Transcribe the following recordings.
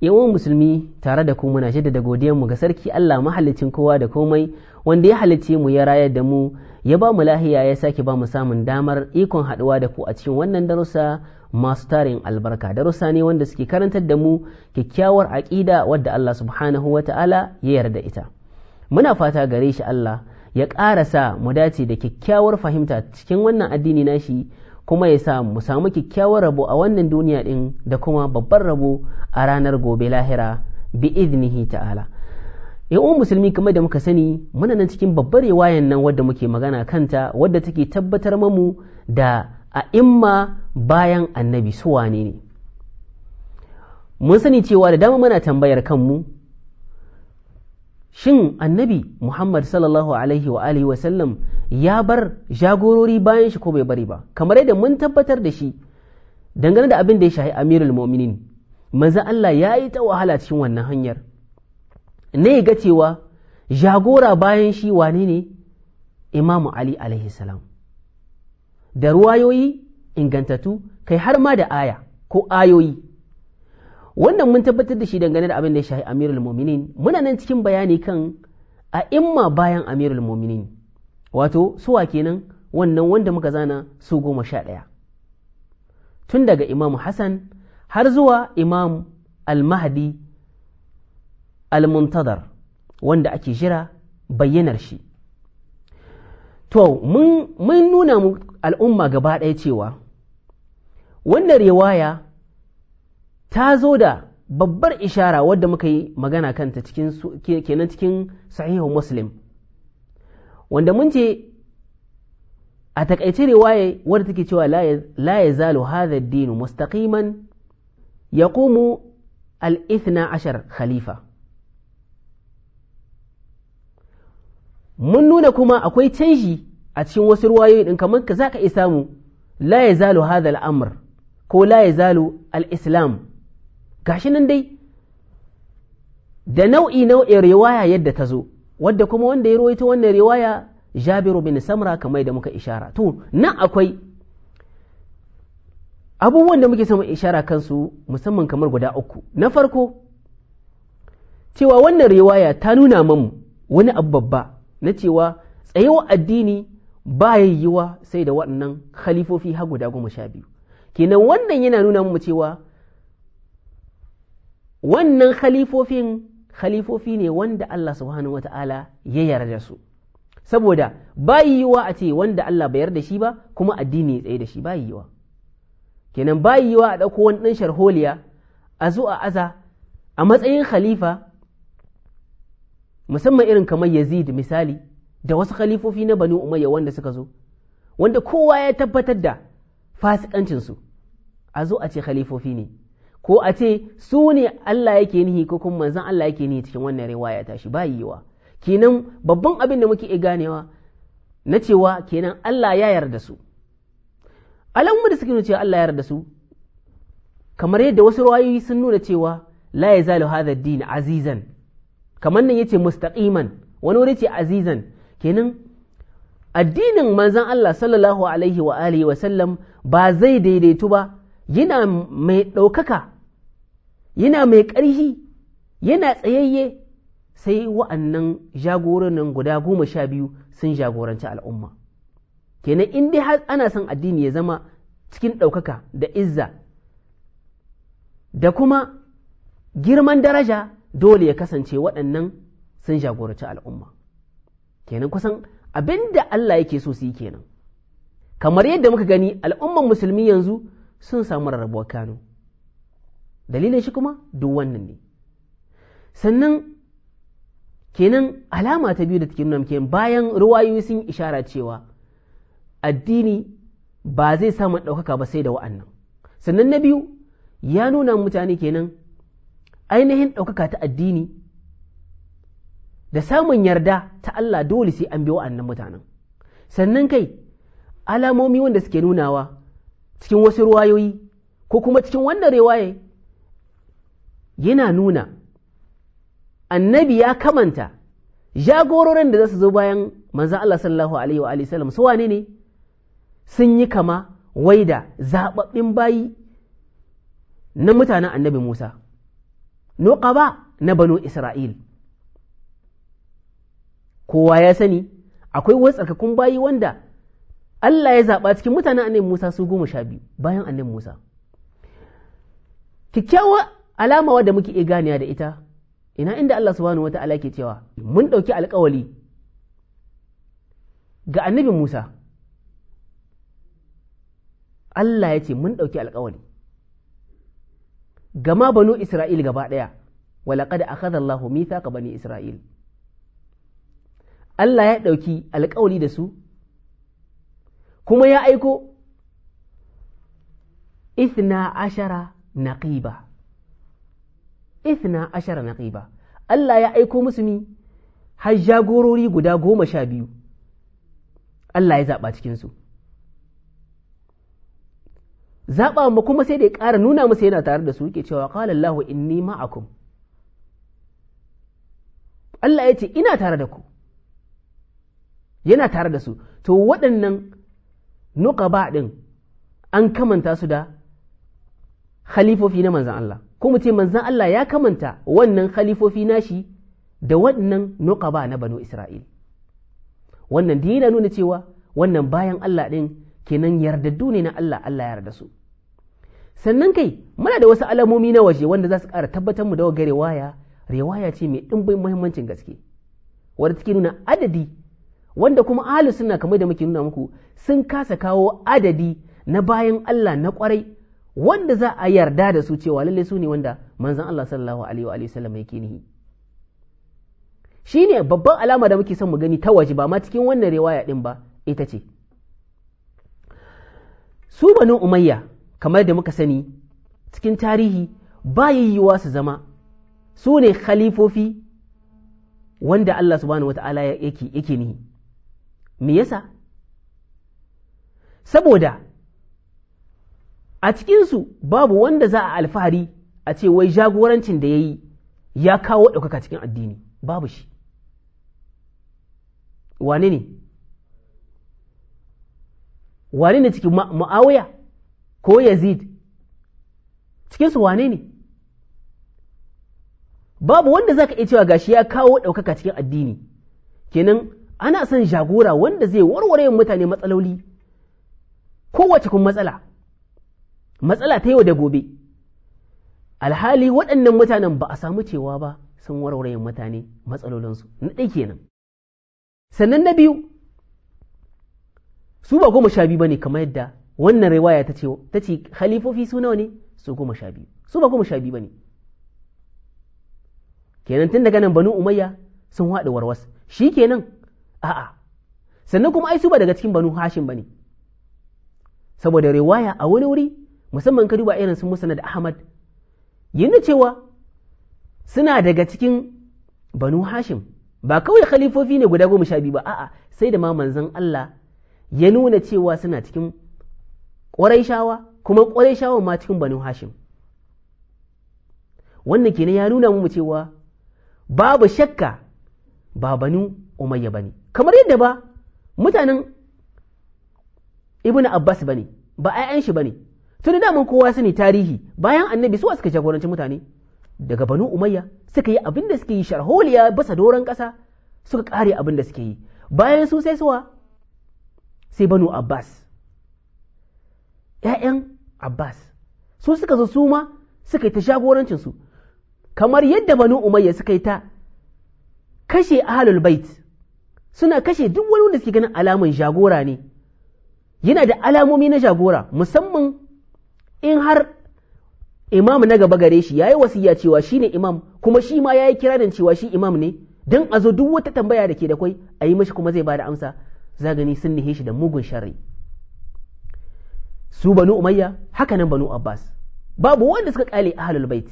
yawan musulmi tare da ku muna da godiyar mu ga sarki Allah mahallicin kowa da komai wanda ya halicce mu ya rayar da mu ya ba mu lahiya ya sake ba mu samun damar ikon haɗuwa da ku a cikin wannan darussa masu tarin albarka darussa ne wanda suke karantar da mu kyakkyawar aƙida wadda Allah subhanahu wa ta'ala ya yarda ita muna fata gare shi Allah ya ƙara sa mu dace da kyakkyawar fahimta cikin wannan addini nashi kuma ya sa mu samu kyakkyawar rabo a wannan duniya ɗin da kuma babban rabo a ranar gobe lahira bi iznihi ta'ala yawan musulmi kamar da muka sani muna nan cikin babbar riwayan nan wadda muke magana kanta wadda take tabbatar mamu da a imma bayan annabi su wane ne mun sani cewa da dama muna tambayar kanmu shin annabi muhammad sallallahu alaihi wa alihi wa sallam ya bar jagorori bayan shi ko bai bari ba kamar yadda mun tabbatar da shi dangane da abin da ya shahi amirul mu'minin manzo Allah ya yi ta wahala cikin wannan hanyar ne ga cewa jagora bayan shi wane ne imamu ali alaihi salam da ruwayoyi ingantattu kai har ma da aya ko ayoyi wannan mun tabbatar da shi dangane da abin da ya shahi amirul mu'minin muna nan cikin bayani kan a imma bayan amirul mu'minin wato suwa kenan wannan wanda muka zana su goma sha ɗaya tun daga imamu hassan har zuwa imam al-mahdi al-muntadar wanda ake jira bayyanar shi to mun nuna mu al'umma gaba ɗaya cewa wannan riwaya ta zo da babbar ishara wadda muka yi magana kanta cikin kenan cikin sahihu muslim wanda mun ce a takaice riwaya wadda take cewa la ya zalo hadha ad-din mustaqiman yaqumu al ashar khalifa mun nuna kuma akwai canji a cikin wasu ruwayoyi din kamar ka zaka iya samu la ya zalo hadha amr ko la ya zalo islam gashi nan dai da nau'i nau'in riwaya yadda ta zo wadda kuma wanda ya rawaito wannan riwaya jabiru bin samra kamar da muka ishara to nan akwai abubuwan da muke samun ishara kansu musamman kamar guda uku na farko cewa wannan riwaya ta nuna mamu wani abu babba na cewa tsayawar addini ba yayyuwa sai da waɗannan khalifofi har guda goma sha biyu kenan wannan yana nuna mamu cewa wannan khalifofin khalifofi ne wanda Allah subhanahu wata'ala ya yarda su saboda ba yiwuwa a ce wanda Allah bai yarda shi ba kuma addini ya tsaye da shi ba yiwuwa kenan ba yiwuwa a ɗauko wani ɗan sharholiya a zo a aza a matsayin khalifa musamman irin kamar Yazid misali da wasu khalifofi na Bani Umayya wanda suka zo wanda kowa ya tabbatar da fasikancinsu a zo a ce khalifofi ne ko a ce su ne Allah yake nihi ko kuma manzon Allah yake nihi cikin wannan riwaya ta shi ba yiwa kenan babban abin da muke ganewa na cewa kenan Allah ya yarda su alamu da suke nuna cewa Allah ya yarda su kamar yadda wasu rawayoyi sun nuna cewa la yazalu hadha ad-din azizan kamar nan yace mustaqiman wani wuri ce azizan kenan addinin manzon Allah sallallahu alaihi wa alihi wa sallam ba zai daidaitu ba yana mai ɗaukaka yana mai ƙarfi yana tsayayye sai wa'annan jagoranin guda goma sha biyu sun jagoranci al'umma kenan in dai har ana son addini ya zama cikin ɗaukaka da izza da kuma girman daraja dole ya kasance waɗannan sun jagoranci al'umma kenan kusan abin da Allah yake so su yi kenan kamar yadda muka gani al'umman musulmi yanzu sun samu rarrabuwar kano dalilin shi kuma duk wannan ne sannan kenan alama ta biyu da take nuna muke bayan ruwayoyi sun ishara cewa addini ba zai samu ɗaukaka ba sai da wa'annan sannan na biyu ya nuna mutane kenan ainihin ɗaukaka ta addini da samun yarda ta Allah dole sai an bi wa'annan mutanen sannan kai alamomi wanda suke nunawa cikin wasu ruwayoyi ko kuma cikin wannan riwaye yana nuna annabi ya kamanta jagororin da za su zo bayan manzan Allah sallallahu alaihi wa sallam su wane ne sun yi kama wai da zababbin bayi na mutanen annabi Musa nuqaba na banu Isra'il kowa ya sani akwai wasu tsarkakun bayi wanda Allah ya zaɓa cikin mutanen annabi Musa su goma sha biyu bayan annabi Musa kyakkyawar alama wadda muke iya ganiya da ita ina inda Allah subhanahu ala ke cewa mun ɗauki alƙawali ga annabi Musa Allah ya ce mun ɗauki alƙawali. gama banu Isra'il gaba ɗaya walaƙada a kaza Allah mita ka bani Isra'il Allah ya ɗauki alƙawali da su kuma ya aiko isna ashara naqiba isna ashara naqiba Allah ya aiko musu ni har jagorori guda goma sha biyu Allah ya zaɓa cikinsu zaɓa mu kuma sai da ya ƙara nuna musu yana tare da su yake cewa qala Allahu inni ma'akum Allah ya ce ina tare da ku yana tare da su to waɗannan nuqaba ɗin an kamanta su da khalifofi na manzan Allah ko mu ce manzan Allah ya kamanta wannan khalifofi nashi da wannan nuqaba na banu Isra'il wannan da yana nuna cewa wannan bayan Allah din kenan yardaddu ne na Allah Allah ya yarda su sannan kai muna da wasu alamomi na waje wanda za su ƙara tabbatar mu da ga rewaya. riwaya ce mai ɗimbin muhimmancin gaske wadda take nuna adadi wanda kuma ahli sunna kamar da muke nuna muku sun kasa kawo adadi na bayan Allah na kwarai wanda za a yarda da su cewa lalle su ne wanda manzan Allah sallallahu alaihi wa sallam yake nihi shine babban alama da muke son mu gani ta waje ba ma cikin wannan riwaya din ba ita ce su banu umayya kamar da muka sani cikin tarihi ba yiwuwa su zama su ne khalifofi wanda Allah subhanahu wata'ala yake nihi me yasa saboda a cikinsu babu wanda za a alfahari a ce wai jagorancin da ya yi ya kawo ɗaukaka cikin addini babu shi wane ne wane ne cikin ma'awiya ko yazid cikinsu wane ne babu wanda za ka iya cewa gashi ya kawo ɗaukaka cikin addini kenan ana son jagora wanda zai warware mutane matsaloli kowace kun matsala matsala ta yau da gobe alhali waɗannan mutanen ba a samu cewa ba sun warware mutane matsalolinsu na ɗai kenan sannan na biyu su ba goma sha biyu ba ne kamar yadda wannan riwaya ta ce halifofi su nawa ne su goma sha biyu su ba goma sha biyu ba ne kenan tun daga nan banu umayya sun haɗa warwas shi kenan a'a sannan kuma ai su ba daga cikin banu hashim bane saboda riwaya a wani wuri musamman ka duba irin su musnad ahmad yana cewa suna daga cikin banu hashim ba kawai khalifofi ne guda goma sha biyu ba a'a sai da ma manzon Allah ya nuna cewa suna cikin ƙwarai shawa, kuma ƙwarai ma cikin banu hashim wannan kenan ya nuna mu cewa babu shakka ba banu umayya bane kamar yadda ba mutanen ibn abbas bane ba ayan shi bane tun da mun kowa sani tarihi bayan annabi suwa suka jagoranci mutane daga banu umayya suka yi abin da suke yi sharholiya basa doron ƙasa suka kare abin da suke yi bayan su sai suwa sai banu abbas ‘ya'yan abbas su suka zo su ma suka yi ta jagorancinsu kamar yadda banu umayya suka yi ta kashe ahalul bait suna kashe duk wani wanda suke ganin alamun jagora ne yana da alamomi na jagora musamman in har imam na gaba gare shi yayi wasiya cewa shine imam kuma shi ma yayi kiranin cewa shi imam ne dan a zo duk wata tambaya da ke da kwai a yi mashi kuma zai bada amsa za gani sun nihe shi da mugun sharri su banu umayya haka nan banu abbas babu wanda suka kale ahlul bait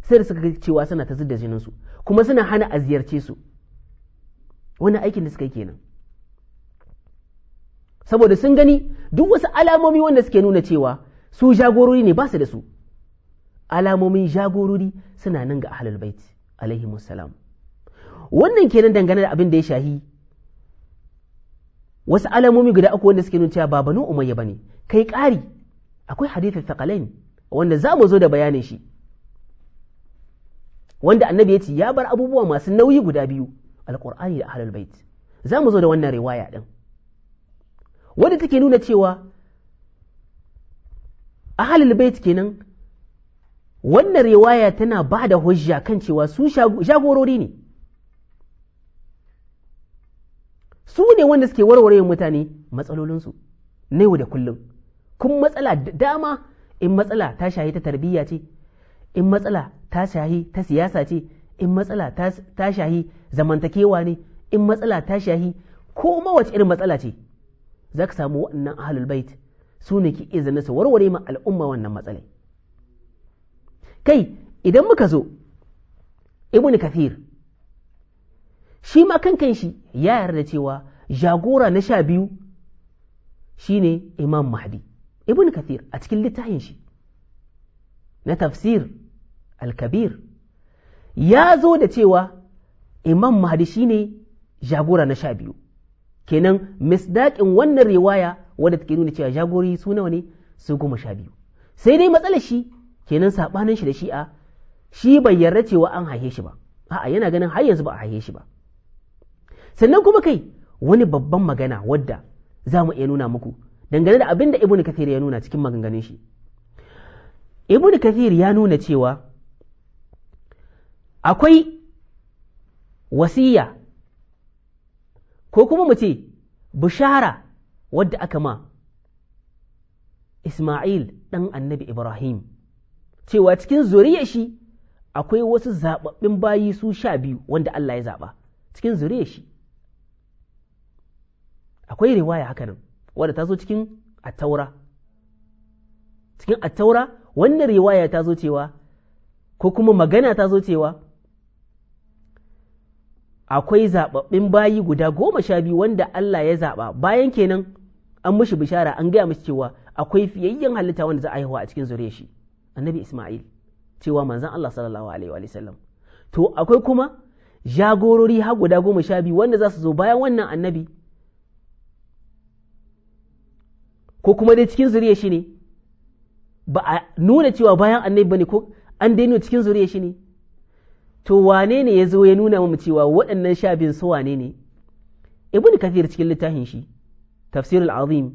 sai da suka cewa suna ta zidda jininsu kuma suna hana a ziyarce su wani aikin da suka yi kenan saboda sun gani duk wasu alamomi wanda suke nuna cewa su jagorori ne ba su da su alamomin jagorori suna nan ga ahlul bait alaihi musallam wannan kenan dangane da abin da ya shahi wasu alamomi guda uku wanda suke nuna cewa ba banu umayya bane kai ƙari akwai hadithin thaqalain wanda za mu zo da bayanin shi wanda annabi ya ce ya bar abubuwa masu nauyi guda biyu alkur'ani da ahlul bait za mu zo da wannan riwaya ɗin wadda take nuna cewa ahlul bait kenan wannan riwaya tana ba da hujja kan cewa su shagorori ne su ne wanda suke warware mutane matsalolinsu na yau da kullum kun matsala dama in matsala ta shahi ta tarbiyya ce in matsala ta shahi ta siyasa ce in matsala ta shahi zamantakewa ne in matsala ta shahi ko ma irin matsala ce za ka samu waɗannan ahlul bait su ne ke izinin su warware ma al'umma wannan matsalai kai idan muka zo ibn kathir shi ma kankan shi ya yarda cewa jagora na sha biyu shine imam mahdi ibn kathir a cikin littafin shi na tafsir al-kabir ya zo da cewa imam mahdi ne jagora na sha biyu kenan misdaƙin wannan rewaya wadda take nuna cewa jagori su nawa ne su goma sha biyu sai dai matsalar shi kenan saɓanin shi da shi'a shi bai yarda cewa an haihe shi ba a'a yana ganin har yanzu ba a haihe shi ba sannan kuma kai wani babban magana wadda za mu iya nuna muku dangane da abin da ibnu kathir ya nuna cikin maganganun shi ibnu kathir ya nuna cewa akwai wasiya ko kuma mu ce bishara wadda aka ma Ismail ɗan annabi Ibrahim cewa cikin zuriyar shi akwai wasu zaɓaɓɓun bayi su sha biyu wanda Allah ya zaɓa cikin zuriyar shi akwai riwaya haka nan wadda ta zo cikin attaura cikin attaura wannan riwaya ta zo cewa ko kuma magana ta zo cewa akwai zababbin bayi guda goma sha biyu wanda Allah ya zaɓa bayan kenan an mushi bishara an gaya musu cewa akwai fiyayyen halitta wanda za a haihuwa a cikin zuriyar shi annabi Ismail cewa manzon Allah sallallahu alaihi wa sallam to akwai kuma jagorori har guda goma sha biyu wanda za su zo bayan wannan annabi ko kuma dai cikin zuriyar shi ne ba a nuna cewa bayan annabi bane ko an nuna cikin zuriyar shi ne to wane ne ya zo ya nuna mu cewa waɗannan sha biyun su wane ne ibn kathir cikin littafin shi tafsirul azim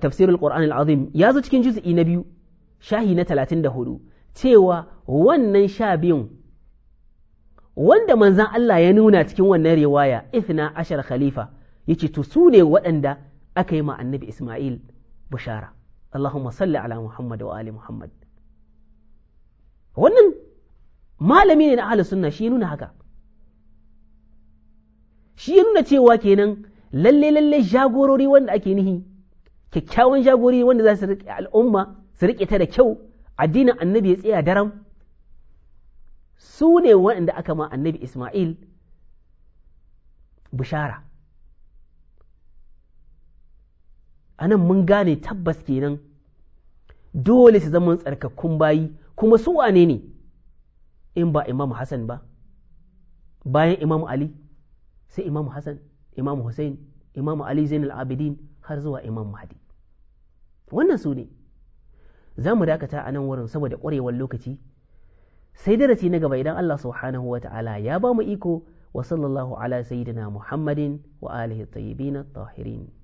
tafsirul qur'an al-azim ya zo cikin juz'i na biyu shahi na 34 cewa wannan sha biyun wanda manzan Allah ya nuna cikin wannan riwaya ithna ashar khalifa yace to su ne waɗanda aka yi ma annabi Ismail bushara Allahumma salli ala Muhammad wa ali wannan malami ne na ahlus sunna shi nuna haka shi ya nuna cewa kenan lalle lalle jagorori wanda ake nihi kyakkyawan jagorori wanda za su riƙe al'umma su riƙe ta da kyau addinin annabi ya tsaya daram su ne waɗanda aka ma annabi Ismail bishara anan mun gane tabbas kenan dole su zama tsarkakkun bayi kuma su wane ne in ba Imam Hassan ba bayan Imam Ali sai Imam Hassan Imam Hussein Imam Ali Zainul Abidin har zuwa Imam Mahdi wannan su ne za mu dakata a nan wurin saboda ƙwarewar lokaci sai darasi na gaba idan Allah subhanahu wa ta'ala ya ba mu iko wa sallallahu ala sayyidina Muhammadin wa alihi tayyibin tahirin